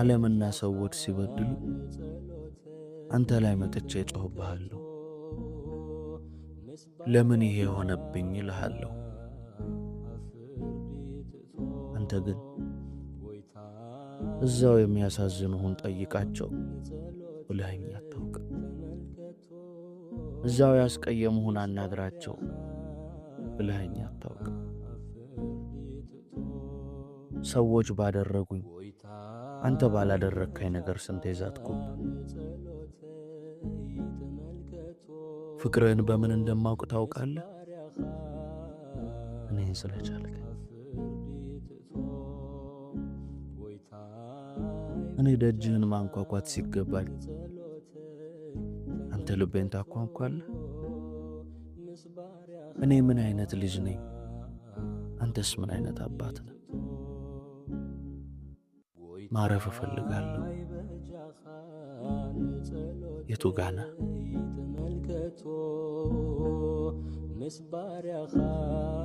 ዓለምና ሰዎች ሲበድሉ አንተ ላይ መጥቼ እጮህብሃለሁ። ለምን ይሄ የሆነብኝ ይልሃለሁ። አንተ ግን እዛው የሚያሳዝንሁን ጠይቃቸው ብለኸኝ አታውቅም። እዛው ያስቀየምሁን አናግራቸው ብለኸኝ አታውቅም። ሰዎች ባደረጉኝ አንተ ባላደረግካኝ ነገር ስንት የዛትኩ። ፍቅርህን በምን እንደማውቅ ታውቃለህ። እኔን ስለቻልከኝ እኔ ደጅህን ማንኳኳት ሲገባል አንተ ልቤን ታኳንኳለህ። እኔ ምን አይነት ልጅ ነኝ? አንተስ ምን አይነት አባት ነው? ማረፍ እፈልጋለሁ። የቱ ጋና ምስባሪያኻ